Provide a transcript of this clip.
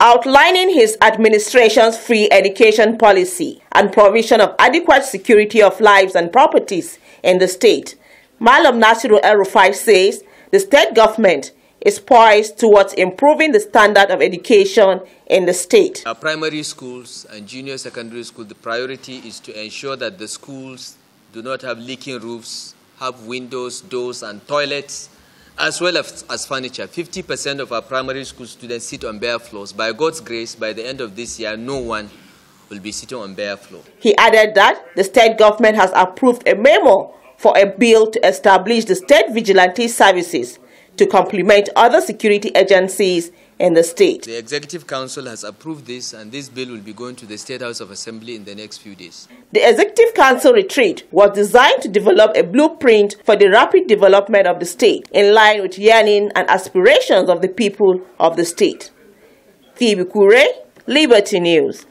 outlining his administration's free education policy and provision of adequate security of lives and properties in the state. Malam Nasiru el says the state government is poised towards improving the standard of education in the state. Our primary schools and junior secondary school, the priority is to ensure that the schools do not have leaking roofs, have windows, doors and toilets as well as, as furniture. 50% of our primary school students sit on bare floors. By God's grace, by the end of this year, no one will be sitting on bare floor. He added that the state government has approved a memo for a bill to establish the state vigilante services to complement other security agencies in the state. The Executive Council has approved this, and this bill will be going to the State House of Assembly in the next few days. The Executive Council retreat was designed to develop a blueprint for the rapid development of the state in line with yearning and aspirations of the people of the state. Phoebe Kure, Liberty News.